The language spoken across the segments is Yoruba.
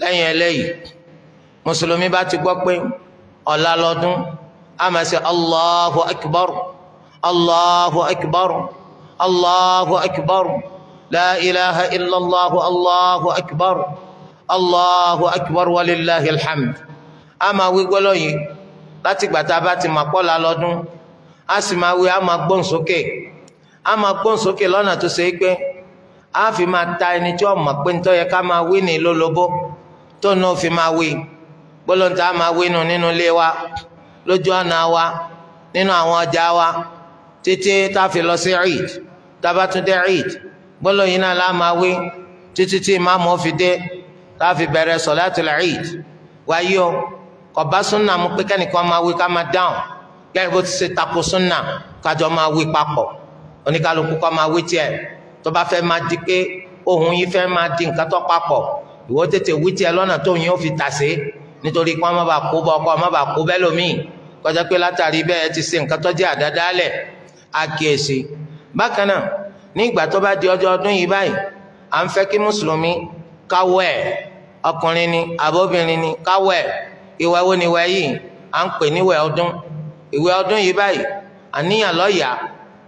lẹ́yìn eléyìí mùsùlùmí bá ti gbọ́ pé ọ̀la lọ́dún a máa ṣe allahu akbar allahu akbar allahu akbar la ilaha illallah allahu akbar allahu akbar walillahi alhamd a máa wí gbọ́lọ́ yìí láti gbàtà bá ti máa pọ́la lọ́dún a sì máa wí a máa gbóhùn sókè a máa sókè lọ́nà tó ṣe é pé a fi máa ta ẹni tí ó mọ̀ pé ń tó yẹ ká máa wí ní lólobó tó náà fi máa wí gbólóńtà máa wí nù nínú ilé wa lójú ọ̀nà wa nínú àwọn ọjà wa títí tá a fi lọ sí eid tá a bá tún dé eid gbólóyìn náà la máa wí títí tí ìmáàmù fi dé tá a fi bẹ̀rẹ̀ sọ̀láàtìl eid wáyé o kò bá súnà mu pé kẹ́nìkan máa wí ká máa dáhùn gẹ́gẹ́ bó ti ṣe tako súnà kájọ máa wí papọ̀ oníkálukú kó máa wí tiẹ̀ tó bá fẹ́ máa di pé ohun yìí fẹ́ máa di nǹkan tó papọ̀ ìwọ tètè wí tiẹ̀ lọ́nà tó yín ó fi tà sí nítorí kí wọ́n má bàa kó bọ́ ọkọ má bàa kó bẹ́ẹ̀ lómi kọjá pé látàrí bẹ́ẹ̀ ti ṣe nǹkan tó jẹ́ àdádálẹ̀ á kíyèsí. bákan náà ní ìgbà tó bá di ọjọ́ ọdún yìí báyìí à ń fẹ́ kí mùsùlùmí káwọ́ ẹ̀ ọkùnrin ni àbóbìnrin ni káwọ́ ẹ̀ ìwẹ̀ wo ni ìwẹ̀ yìí à ń pè níwẹ̀ ọdún ìwẹ̀ ọdún yìí báyìí àníyàn lọ́ọ̀yà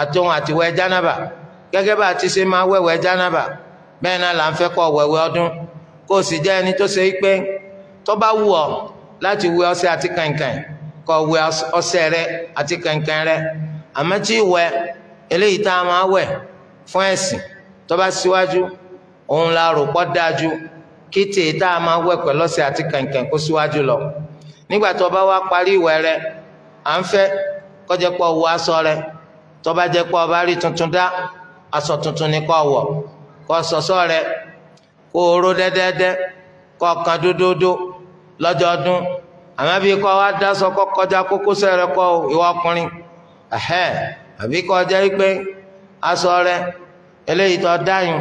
àtòun àtiwẹ̀ jánábà gẹ́gẹ́ bá a ti ṣe máa wẹ̀wẹ̀ jánábà bẹ́ẹ̀ náà là ń fẹ́ kọ́ wẹ̀wẹ̀ ọdún kó o sì jẹ́ ẹni tó ṣe pé tó bá wù ọ́ láti wẹ ọṣẹ àti kànkàn kó wẹ ọṣẹ rẹ àti kànkàn rẹ àmọ́ tí ìwẹ̀ eléyìí tá a máa wẹ̀ fún ẹ̀sìn tó bá síwájú òun la rò pọ̀ dájú kí tèè tá a máa wẹ̀ pẹ̀lú ọṣẹ àti kànkàn kó síwájú lọ nígbà tó bá wá parí ìwẹ̀ rẹ à ń fẹ́ kó jẹ́ wọ aṣọ rẹ tó bá jẹ́ pé bá rí tuntun dá aṣọ tuntun ni kó wọ̀ kó sọ̀sọ́ rẹ kó o ró dẹ́dẹ́dẹ́ kó o kan dódódó lọ́jọ́ ọdún àmọ́ bí kò wá dáṣọ kó kọjá kókósẹ̀ rẹ kọ́ ìwọ ọkùnrin ẹ̀hẹ́ àbí kó jẹ́ pé aṣọ rẹ eléyìí tó dáyùn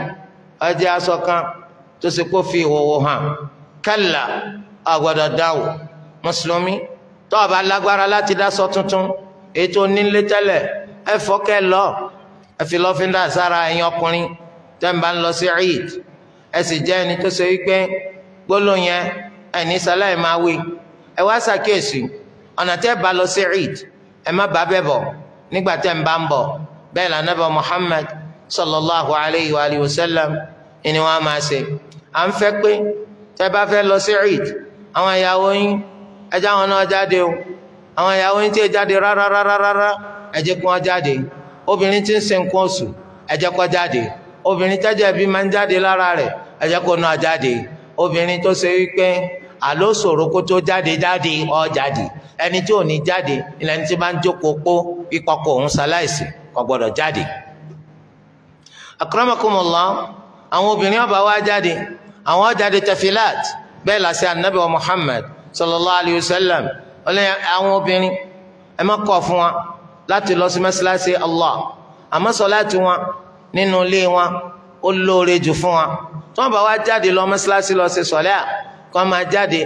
ó jẹ́ aṣọ kan tó ṣe kó fi ìhòòhò hàn kálá àgbọ̀dọ̀ dáwò mùsùlùmí tó o bá lágbára láti dáṣọ tuntun ètò onílé tẹ́lẹ̀ ẹ fọ́ kẹ́ lọ ẹ fi lọ́fíńdà sára ẹ̀yin ọkùnrin tẹ́ ń bá ń lọ sí Eid E si jẹ́ ẹni tó ṣe wípé gbólóhùn yẹn ẹni sáláì máa wí ẹ wá ọ̀nà tẹ́ bá lọ sí eid ẹ má bá bẹ́ẹ̀ bọ̀ nígbà tẹ́ Muhammad sallallahu alayhi wa sallam máa ṣe à ń fẹ́ pé tẹ́ bá fẹ́ lọ sí eid àwọn ìyàwó yín ẹjẹ́ àwọn náà jáde o àwọn ìyàwó yín tí ì jáde rárá rárá rárá jáde obìnrin tí ń jáde. obìnrin tẹ́jẹ̀ bí máa ń jáde lára rẹ̀ ẹ̀jẹ̀ kò náà jáde obìnrin tó ṣe wípé àló ṣòro kó tó jáde jáde ó jáde ẹni tí ò ní jáde ilẹ̀ ní ti máa ń jókòó pó ìkọkọ̀ òun ṣaláìsì kò gbọ́dọ̀ jáde. akramakumullah àwọn obìnrin ọba wa jáde àwọn jáde tafilat bẹ́ẹ̀ làṣẹ anabi wa muhammad sallallahu alayhi wa sallam ọlẹ́yìn àwọn obìnrin ẹ má kọ̀ fún wa láti lọ sí mẹ́sàlásì allah àmọ́ sọ láti wọn nínú ilé wọn ó lóore jù fún wa tí wọ́n bá wá jáde lọ mọ́ṣáláṣí lọ ṣe sọ̀lẹ́ à kí wọ́n máa jáde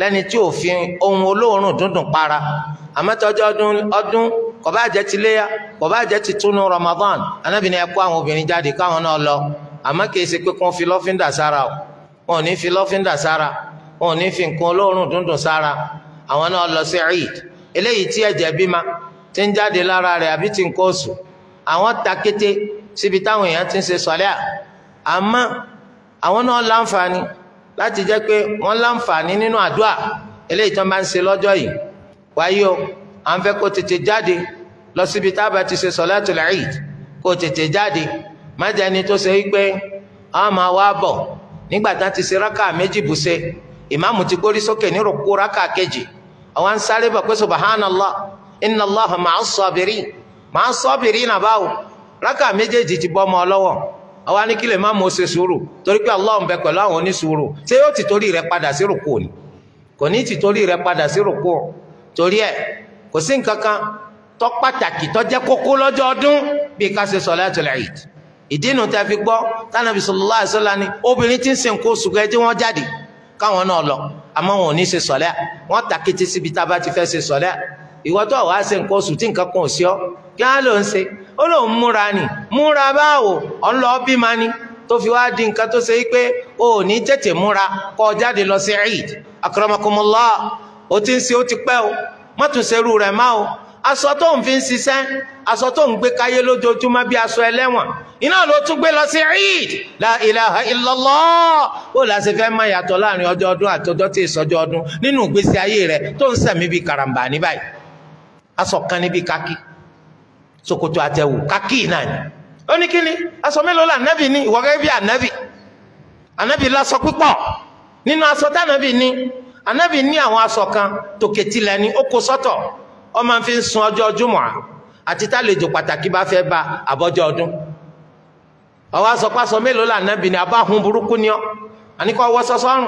lẹ́ni tí òfin ohun olóòórùn dúndùn para àmọ́tọ́jọ́ ọdún ọdún kò bá jẹ́ ti léyà kò bá jẹ́ ti túnú Ramadan Ànábì ní ẹ kó àwọn obìnrin jáde káwọn náà lọ àmọ́ kì í ṣe pé kí wọ́n fi lọ́fíńdà sára o wọn ò ní fi lọ́fíńdà sára wọn ò ní fi nǹkan olóòórùn dúndùn sára àwọn náà lọ sí Eid eléyìí tí ẹ̀jẹ̀ bímá ti ń jáde lára rẹ̀ àbí ti ń kóòsù àwọn ta kété síbi táwọn èèyàn ti ń ṣe sọlẹ́ à àmọ́ àwọn náà láǹfààní láti jẹ́ pé wọ́n láǹfààní nínú àdúà eléyìí tán bá ń ṣe lọ́jọ́ yìí wáyé o à ń fẹ́ kó tètè jáde lọ síbi tá a bá ti ṣe sọlátul Eid kó tètè jáde má jẹ́ ẹni tó ṣe wípé a máa wá bọ̀ nígbà tá ti ṣe rákà méjì bùṣe ìmáàmù ti gbórí sókè ní rúkú rákà kejì àwọn ń sáré bọ̀ pé subhanallah inna Allaha ma'as sabirin ma'as sabirin nàbáwò rákà méjèèjì ti bọ́ ọmọ ọlọ́wọ́ àwa ní kí lè má mọ ṣe sùúrù torí pé Allah ń bẹ pẹ̀lú àwọn onísùúrù ṣé yóò ti torí rẹ padà sí rùkù ni kò ní ti torí rẹ padà sí rùkù torí ẹ kò sí nǹkan kan tó pàtàkì tó jẹ́ kókó lọ́jọ́ ọdún bíi ká ṣe sọ̀látul Eid ìdínú tẹ́ fi gbọ́ tánàbí sallallahu alaihi ni obìnrin tí ń ṣe nǹkan oṣù gẹ́gẹ́ wọn jáde káwọn náà lọ àmọ́ wọn ò ní ṣe sọ̀lẹ́ wọn tàkété síbi tá a bá ti fẹ́ ṣe sọ̀lẹ́ ìwọ́tọ̀ wàá ṣe nǹkan oṣù tí nǹkan kan ò sí ọ́ kí á ń se ó lòun múra nì múra báwo ọ̀n lọ bímọ ni tó fi wá di nǹkan tó ṣe pé o ò ní tètè múra kó jáde lọ sí eid akramakumullah o ti ń ṣe o ti pẹ o má rẹ má o aṣọ tó ń fi ń ṣiṣẹ́ aṣọ tó ń gbé káyé bí aṣọ iná ló tún gbé lọ sí eid la ilaha illallah ó ṣòkòtò àtẹ̀wù kákì náà ni ó ní kí ni aṣọ mélòó la ànábì ní ìwọ gẹ́gẹ́ bí ànábì ànábì láṣọ púpọ̀ nínú aṣọ tànábì ní ànábì ní àwọn aṣọ kan tòkètìlẹ̀ ni ó kó sọ́tọ̀ ó máa fi ń sun ọjọ́ júmọ̀ àti tálejò pàtàkì bá fẹ́ bá àbọ́jọ́ ọdún ọwọ́ aṣọ pásọ mélòó la ànábì ní abáhùn burúkú ni ọ àníkọ́ wọ́ sọ́sọ́rùn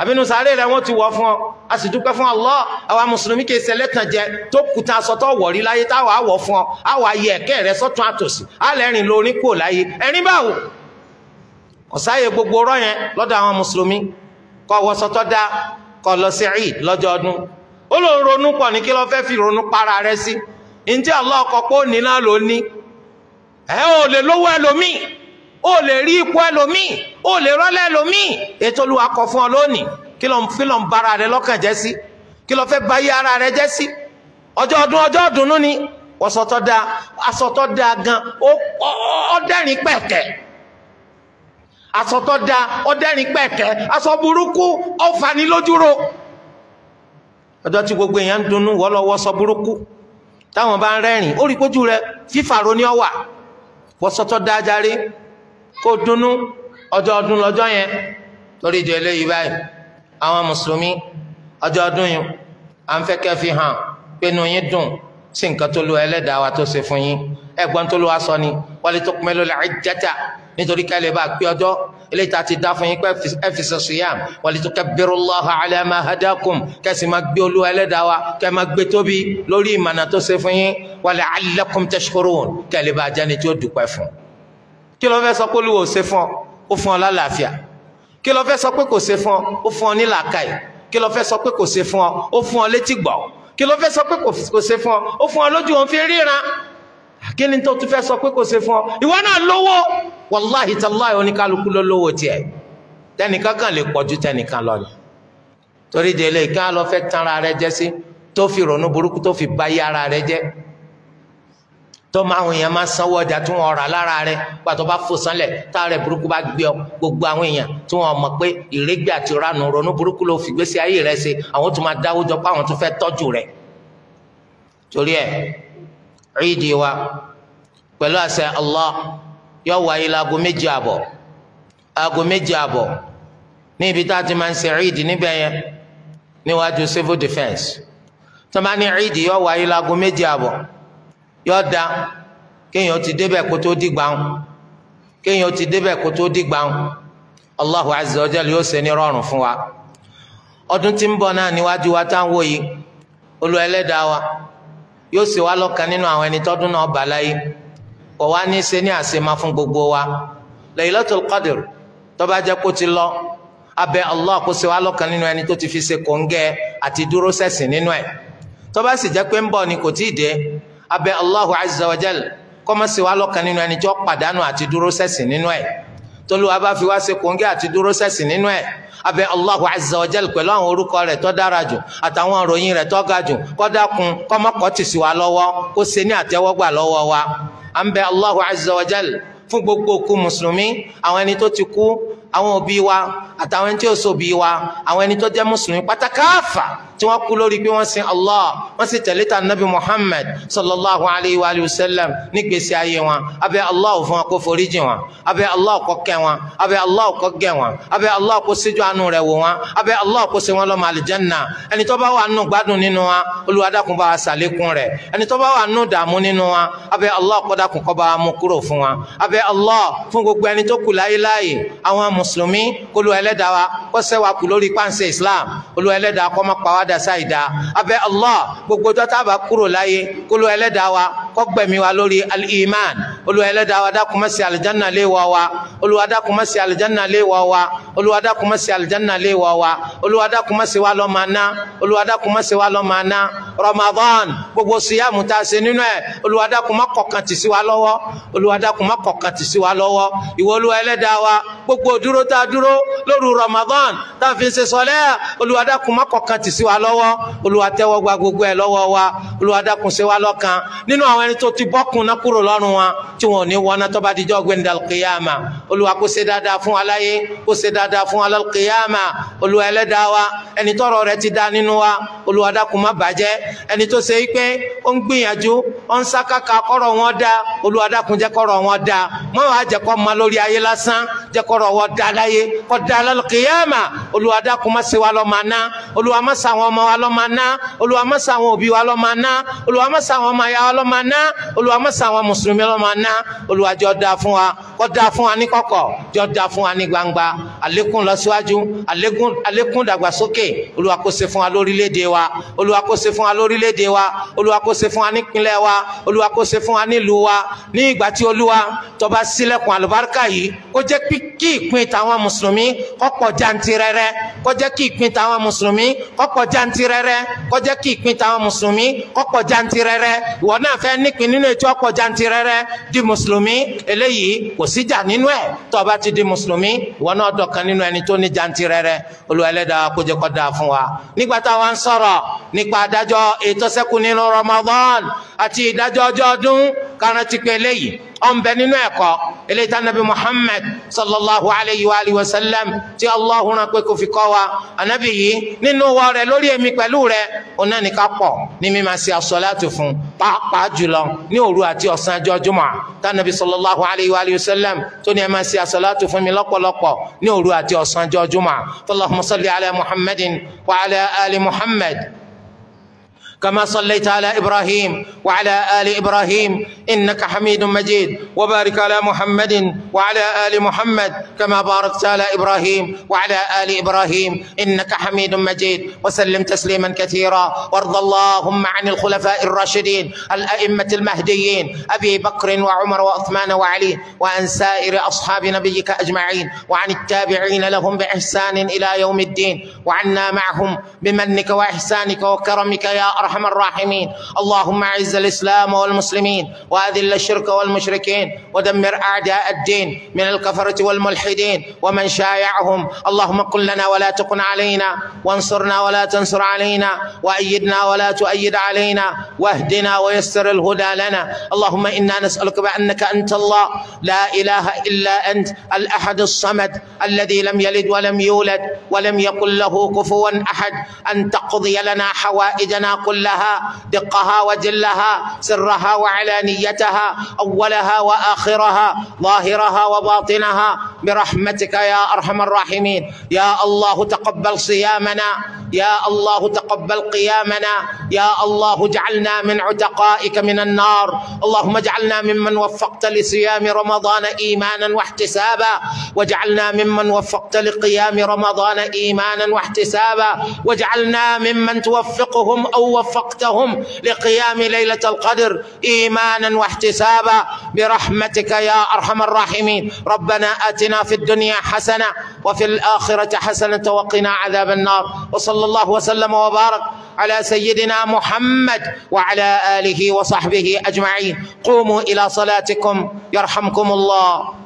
àbínú sàárè rẹ̀ wọ́n ti wọ́ fún ọ a sì dúpẹ́ fún Allah àwa mùsùlùmí kì í ṣe lẹ́tànjẹ tó kùtà sọtọ́ wọ̀rí láyé táwa àwọ̀ fún ọ àwa ayé ẹ̀kẹ́ rẹ sọ́tún àtòsí alẹ́rìn lórí kò láyé ẹ̀rín báwo kò sáyè gbogbo ọ̀rọ̀ yẹn lọ́dọ̀ àwọn mùsùlùmí kọ́ wọ sọtọ́ dá kọ́ lọ sí Eid lọ́jọ́ ọdún ó lò ń ronú pọ̀ ní kí lọ́ fẹ́ fi ronú para rẹ sí ǹjẹ́ Allah pé ó ní náà ló ní ẹ ò lè lówó ẹlòmíì ó lè rí ipò ẹlòmíì o lè rọ́lẹ́ lómìn ètò olúwa kọ fún ọ lónìí kí ló ń fi lọ ń bara rẹ lọ́kàn jẹ́ sí kí ló fẹ́ ba yí ara rẹ jẹ́ sí ọjọ́ ọdún ọjọ́ ọdúnnú ni ọ̀sọ̀tọ̀ da asọ̀tọ̀ da gan ọdẹ́rìn pẹ̀kẹ́ asọ̀tọ̀ da ọdẹ́rìn pẹ̀kẹ́ aṣọ burúkú ọ̀fanilójúro ọjọ́ tí gbogbo èèyàn ń dunnú wọ́lọ́wọ́ sọ burúkú táwọn bá ń rẹ́rìn ó rí pójú rẹ fífàró ní ọwà wọ́sọ̀tọ̀ da jàre kó dunnú ọjọ́ ọdún lọ́jọ́ yẹn lórí ìdí eléyìí báyìí àwọn mùsùlùmí ọjọ́ ọdún yìí à ń fẹ́ kẹ́ fi hàn pé inú yín dùn sí nǹkan tó lu ẹlẹ́dàá wa tó ṣe fún yín ẹ̀gbọ́n tó lu wa sọ ni walitukmilul iddata nítorí ká lè bá pé ọjọ́ eléyìí tá a ti dá fún yín pé ẹ fi ṣe siyam walitukabbirullaha ala ma hadakum kẹ́sì máa gbé olú ẹlẹ́dàá wa kẹ́ máa gbé tóbi lórí ìmọ̀nà tó ṣe fún yín wala'allakum tashkurun kẹ́ lè bá jẹ́ni tí ó dùpẹ́ fún. kí ló fẹ́ sọ pé olúwo ṣe fún ọ ó fún ọ lálàáfíà kí ló fẹ́ sọ pé kò ṣe fún ọ ó fún ọ ní làákàyè kí ló fẹ́ sọ pé kò ṣe fún ọ ó fún ọ létí gbọ́ kí ló fẹ́ sọ pé kò ṣe fún ọ ó fún ọ lójú òun fi ríran kí ni tó tún fẹ́ sọ pé kò ṣe fún ọ ìwọ náà lówó wàláhì tàláhì oníkálukú ló lówó tiẹ̀ tẹnìkan kan lè pọ̀ ju tẹnìkan lọ ni torí délé kí á lọ fẹ́ tanra rẹ jẹ́ sí tó fi ronú burúkú tó fi báyé ara rẹ jẹ́ tó máa àwọn èèyàn máa sanwó ọjà tí wọn rà lára rẹ pàtó bá fò sánlẹ̀ tá rẹ burúkú bá gbé ọ gbogbo àwọn èèyàn tí wọn mọ̀ pé ìrégbè àti ìranù ronú burúkú ló fi gbèsè ayé rẹ ṣe àwọn tó máa dáwó jọ pé àwọn tó fẹ́ tọ́jú rẹ. torí ẹ ríìdì wa pẹ̀lú àṣẹ Allah yóò wáyé láago méjì àbọ̀ aago méjì àbọ̀ ní ibi tá a ti máa ń ṣe ríìdì níbẹ̀ yẹn níwájú civil defence tó yọ̀ọ̀da kéèyàn ti débẹ̀ kó tó dìgbà ń kéèyàn ti débẹ̀ kó tó di ń Allahu azza wa jalla yóò ṣe ní rọrùn fún wa ọdún tí ń bọ̀ náà níwájú wa táwọn wò wa yóò ṣe wá lọ́kàn nínú ẹni náà kò wá ní fún gbogbo wa kó ti lọ Allah kó ṣe wá nínú ẹni tó ti fi ṣe àti dúró nínú ni kò dé abẹ Allahu azza wa jal kọ́mọ́sí wa lọ́kàn nínú ẹni tí ó pàdánù àti dúró sẹ́sìn nínú ẹ̀ tolúwa bá fi wá ṣe kòńgẹ́ àti dúró sẹ́sìn nínú ẹ̀ abẹ Allahu azza wa jal pẹ̀lú àwọn orúkọ rẹ̀ tó dára jù àtàwọn òròyìn rẹ̀ tó ga jù kó dákun kọ́mọ́kọ́ wa lọ́wọ́ kó ṣe ní àtẹ́wọ́gbà wa à ń Allahu azza fún gbogbo òkú mùsùlùmí àwọn ẹni tó ti kú àwọn òbí wa àtàwọn ẹni tí ó so bí wa àwọn ẹni tó jẹ́ mùsùlùmí pátákáàfà tí wọ́n kú lórí pé wọ́n sin Allah wọ́n sì tẹ̀lé ta nabi Muhammad sallallahu alayhi wa sallam nígbèsí ayé wọn abẹ́ Allah fún wọn kó forí jìn wọn abẹ́ Allah kó kẹ́ wọn abẹ́ Allah kó gẹ̀ wọn abẹ́ Allah kó síjú àánú rẹ̀ wò wọn abẹ́ Allah kó ṣe wọn lọ́mọ àlìjẹ́nà ẹni tó bá wà nù gbádùn nínú wa Olúwa bá wa ṣàlékún rẹ̀ ẹni tó bá wà nù dààmú nínú wa abẹ́ Allah kó dákun kó bá wa mú kúrò fún wa abẹ́ Allah fún gbogbo ẹni tó kù láyé láyé àwọn mùsùlùmí kólú ẹlẹ́dàá wa kó ṣẹ́wà kù lórí páńsẹ̀ islam kólú ẹlẹ́dàá kó má pa wá dà sáì dá abẹ́ allah gbogbo tó tábà kúrò láyé kólú ẹlẹ́dàá wa kó gbẹ̀mí wa lórí al-iman olú ẹlẹ́dàá wa dákun má ṣe àlìjánná lé wa wa olúwa dákun má ṣe àlìjánná lé wa wa olúwa dákun má ṣe àlìjánná lé wa wa olúwa dákun má ṣe wa lọ́ máa ná olúwa dákun má ṣe wa lọ́ máa ná ramadan gbogbo síyàmù tá a ṣe nínú ẹ̀ olúwa dákun má kọ̀kan tì sí wa lọ́wọ́ olúwa dákun má kọ̀kan tì sí wa lọ́wọ́ ìwọ olúwa ẹlẹ́dàá wa gbogbo dúró dúró tá a dúró lóru Ramadan tá a fi ń ṣe sọlẹ́ Olúwa má kọ̀kan tì sí wa lọ́wọ́ Olúwa tẹ́wọ́ gba gbogbo ẹ̀ lọ́wọ́ wa Olúwa dákun ṣe wa lọ́kan nínú àwọn ẹni tó ti bọ́kun náà kúrò lọ́rùn wa tí wọn ò ní wọná tó bá dijọ́ gbé nídàlù kìyàmà Olúwa kó ṣe dáadáa fún aláyé kó ṣe dáadáa fún alal kìyàmà Olúwa ẹlẹ́dàá wa ẹni tọ́rọ̀ rẹ̀ ti dá nínú wa Olúwa dákun má bàjẹ́ ẹni tó ṣe pé ó ń gbìyànjú ó ń sákàkà kọ́rọ̀ wọn dá Olúwa jẹ́ kọ́rọ̀ wọn dá mọ́ wàá ma lórí ayé lásán jẹ́ wọn dá dala ye kọ́ dala kìyàmà olúwa dákun má ṣe wa lọ máa ná olúwa má ṣe àwọn ọmọ wa lọ máa ná olúwa má òbí wa lọ máa ná olúwa má ya wa lọ máa ná olúwa má ṣe àwọn mùsùlùmí lọ máa ná olúwa jọ da fún wa kọ́ da fún wa ní kọ̀kọ̀ jọ da fún wa ní gbangba àlékún lọ síwájú àlékún dàgbàsókè olúwa fún wa lórílẹ̀ wa olúwa fún wa lórílẹ̀ wa olúwa fún wa nípínlẹ̀ wa olúwa fún wa nílùú wa ní ìgbà tí olúwa tó bá àlùbáríkà yìí kó jẹ́ kí ìpín tàwọn mùsùlùmí kó pọ̀ jàǹtìrẹrẹ kó jẹ́ kí ìpín tàwọn mùsùlùmí kó pọ̀ jàǹtìrẹrẹ kó jẹ́ kí ìpín tàwọn mùsùlùmí kó pọ̀ jàǹtìrẹrẹ ìwọ náà fẹ́ nípìn nínú ètò ó pọ̀ di mùsùlùmí eléyìí kò síjà nínú ẹ̀ tó o bá ti di mùsùlùmí ìwọ náà dọ̀kan nínú ẹni tó ní jàǹtìrẹrẹ Olúwa Ẹlẹ́dàá kó jẹ́ kó dáa fún wa nígbà táwa sọ̀rọ̀ Ramadan àti ìdájọ́ ọjọ́ ọdún káràntí ọ̀nbẹ nínú ẹ̀kọ́ eléyìí tánàbí Muhammad sallallahu alayhi wa alihi wa sallam tí Allah rán pé kò fi kọ́ wa ànábì yìí nínú wa rẹ̀ lórí èmi pẹ̀lú rẹ̀ ọ̀nà nìkan pọ̀ ní mímá sí asọ́láàtù fún pàápàá jùlọ ní òru àti ọ̀sán ọjọ́ jùmọ̀ tánàbí sallallahu alayhi wa alihi wa sallam tó ní ẹ máa sí asọ́láàtù fún mi lọ́pọ̀lọpọ̀ ní òru àti ọ̀sán ọjọ́ jùmọ̀ Allahumma salli ala wa ala ali Muhammad كما صليت على إبراهيم وعلى آل إبراهيم إنك حميد مجيد وبارك على محمد وعلى آل محمد كما باركت على إبراهيم وعلى آل إبراهيم إنك حميد مجيد وسلم تسليما كثيرا وارض اللهم عن الخلفاء الراشدين الأئمة المهديين أبي بكر وعمر وعثمان وعلي وأن سائر أصحاب نبيك أجمعين وعن التابعين لهم بإحسان إلى يوم الدين وعنا معهم بمنك وإحسانك وكرمك يا أرحم أرحم الراحمين اللهم أعز الإسلام والمسلمين وأذل الشرك والمشركين ودمر أعداء الدين من الكفرة والملحدين ومن شايعهم اللهم قل لنا ولا تقن علينا وانصرنا ولا تنصر علينا وأيدنا ولا تؤيد علينا واهدنا ويسر الهدى لنا اللهم إنا نسألك بأنك أنت الله لا إله إلا أنت الأحد الصمد الذي لم يلد ولم يولد ولم يقل له كفوا أحد أن تقضي لنا حوائجنا كل كلها دقها وجلها سرها وعلانيتها اولها واخرها ظاهرها وباطنها برحمتك يا ارحم الراحمين يا الله تقبل صيامنا يا الله تقبل قيامنا يا الله اجعلنا من عتقائك من النار اللهم اجعلنا ممن وفقت لصيام رمضان ايمانا واحتسابا واجعلنا ممن وفقت لقيام رمضان ايمانا واحتسابا واجعلنا ممن توفقهم او وفقتهم لقيام ليله القدر ايمانا واحتسابا برحمتك يا ارحم الراحمين ربنا اتنا آتنا في الدنيا حسنة وفي الآخرة حسنة وقنا عذاب النار وصلى الله وسلم وبارك على سيدنا محمد وعلى آله وصحبه أجمعين قوموا إلى صلاتكم يرحمكم الله